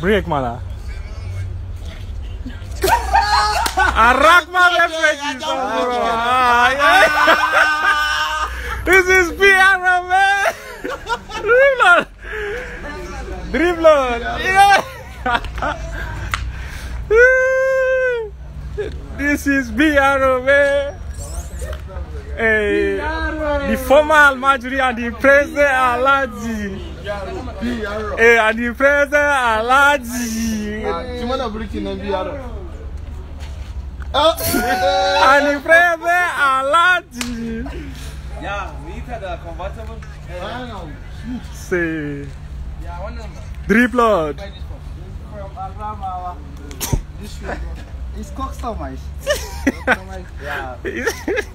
Break, मारा I rock my left leg. This is piano, man. Dribbler. Dribbler. this is piano, man. uh, the former Almajiri and the present Alaji. Hey, eh, and the present Alaji. Ah. and the present Alaji. Yeah, we eat at the convertible. Uh, Say. Yeah, one number. Three blood. From Agramawa. This way. It's cocksummers. yeah.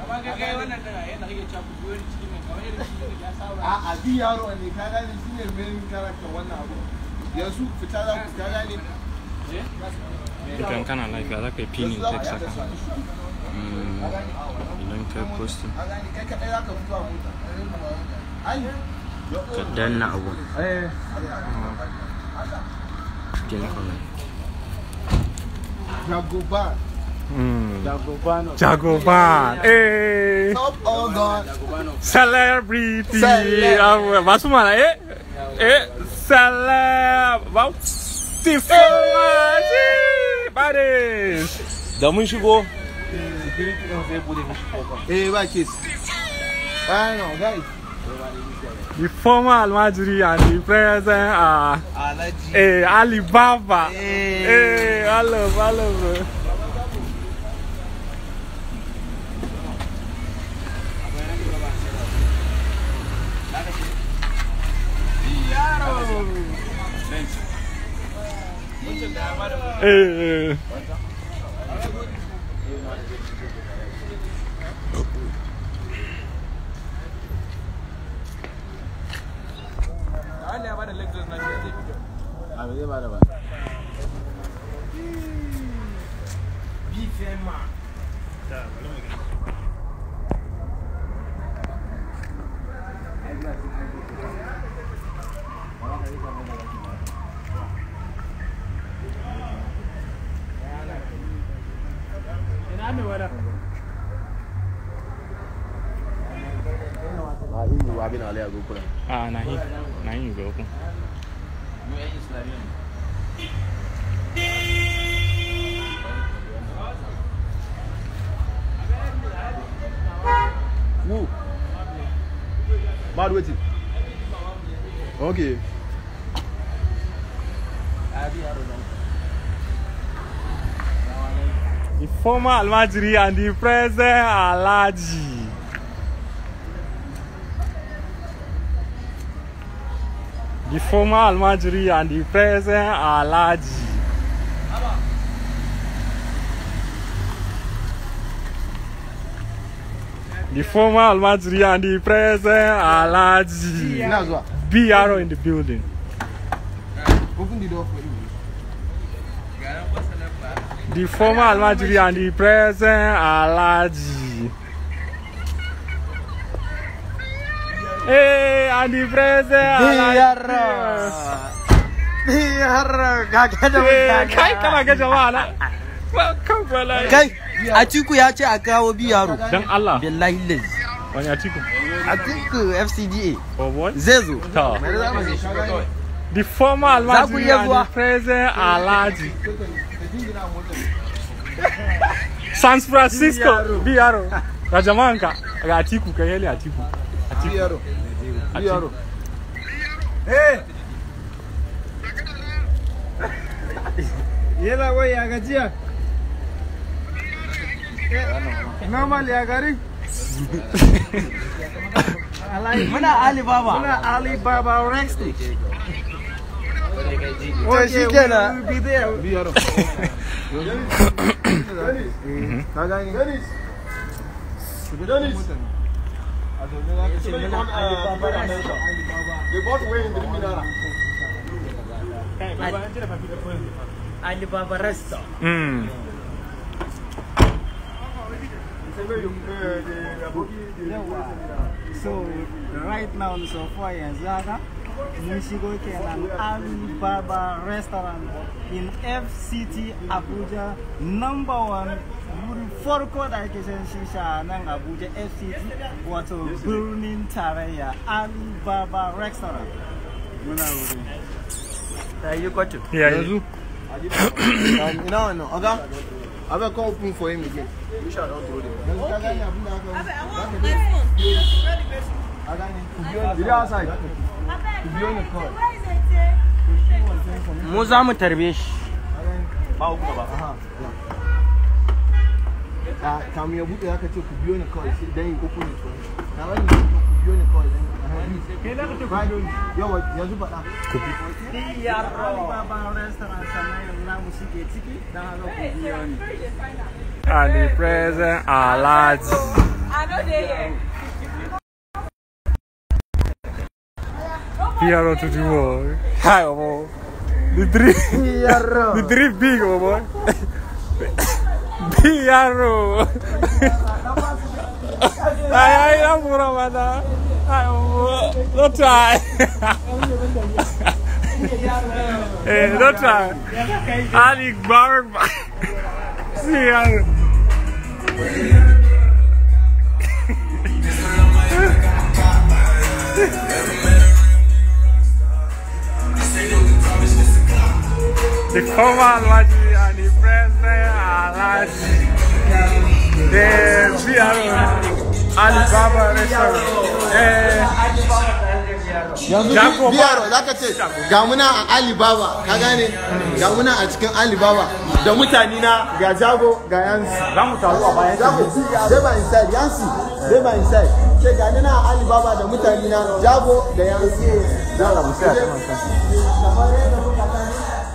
a bi yaro ne ka gane shi ne main character wannan abu yanzu fita za ku ka gane eh? idan kana lafiya za ka yi pinin tek saka idan ka posting ka danna abu pin eh. comment Mm. Jagobano. Jagoban. Hey. Top organ. Oh celebrity. Celeb. Mas mana eh? Eh, celeb. Wow. Tifo. Bares. Da mãe chegou. Ei, vai, Kiss. Ah, não, guys. The former Almajiri and the present are Eh, Alibaba. Hey, eh. eh, I love, I love. Ee, ee. Abi Bir firma. Tamam. Nahin wa bin Ali Agokun. Ah, Nahin. Nahin Agokun. You ain't Islamian. Who? Mad waiting. Okay. I be out of the former Almajiri and the present Alaji. The former Almajiri and the present Alaji. The former Almajiri and the present Alaji. BRO in the building. Open the door for you the former Almajiri and the present Alaji. Hey, and the present Alaji. Kai kana ga jama'a Kan bala'i. Kai, Atiku ya ce a kawo biyaro. Don Allah. Billahi lazi. Wani Atiku? Atiku FCDA. Oh boy. Ta. The former Almajiri and the present Alaji. San Francisco Biaro, Rajamanka, Atiku Atiku Biaro, BRO eh! yela wai ya gajiya eh, normal ya gari alibaba alibaba rex Oh, she can. be there. Be out of. They bought way in the Minara. Alibaba hmm. So, right now, so far, Zaga. mun and kenan alibaba restaurant in fct abuja number one Four farko da ake shan shisha nan abuja fct a burning tarea, alibaba restaurant You muna wurin ta yi kwato No, no, wannan oga abe call open for him again you shall not throw them okay abe i want my phone you ready baby you outside mu za mu tarbe shi ba ku ba ta ah, kamun ya buɗe aka ce ku biyo ni kawai dan yi uku ne kawai na wani ku biyo ni kawai dan kai na kace ku biyo ni yawa yanzu faɗa ku bi yaro ba ba restaurant sanai na mu shige ciki dan haka ku biyo ni Ali present, alaji I know they here. Tiralo tutti voi. Dai, uomo. Oh, Di tri... Biarro. Di tri bigo, uomo. Piano. Dai, dai, la pura, ma dai. Dai, uomo. Oh, lo try. Eh, lo try. Ali Barba. Sì, allora. Yeah. The former Alaji and the present Alaji. The VRO Alibaba restaurant. Yanzu eh, biyaro za ka ce a Alibaba ka gamuna a cikin Alibaba da mutane na ga Jago ga Yansi. Za mu taru a bayan Jago zai ba inside Yansi zai ba inside. Ce ga ni Alibaba da mutane na Jago da Yansi. Za mu sai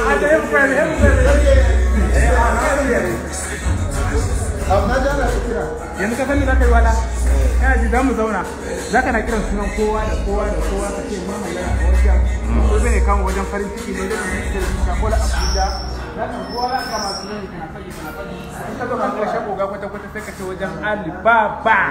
yanzu ka sani za ka yi wala yana ji za mu zauna za ka na kiran sunan kowa da kowa da kowa ka ce mun kama wajen farin ciki ne alibaba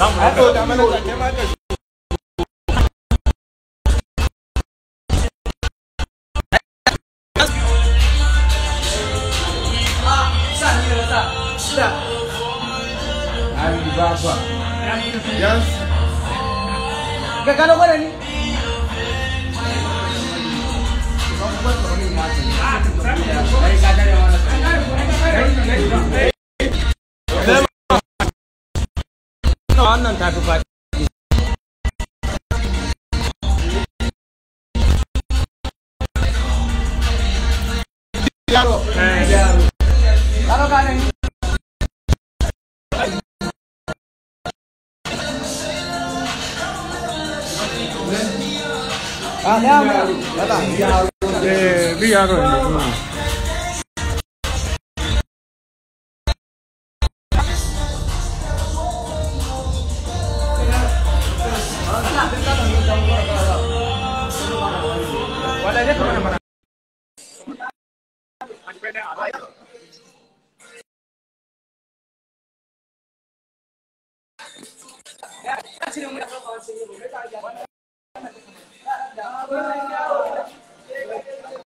Gagano ko rin. Ah, fun and everybody. Ah, yeah, yeah, yeah. figured out. I, that's, that's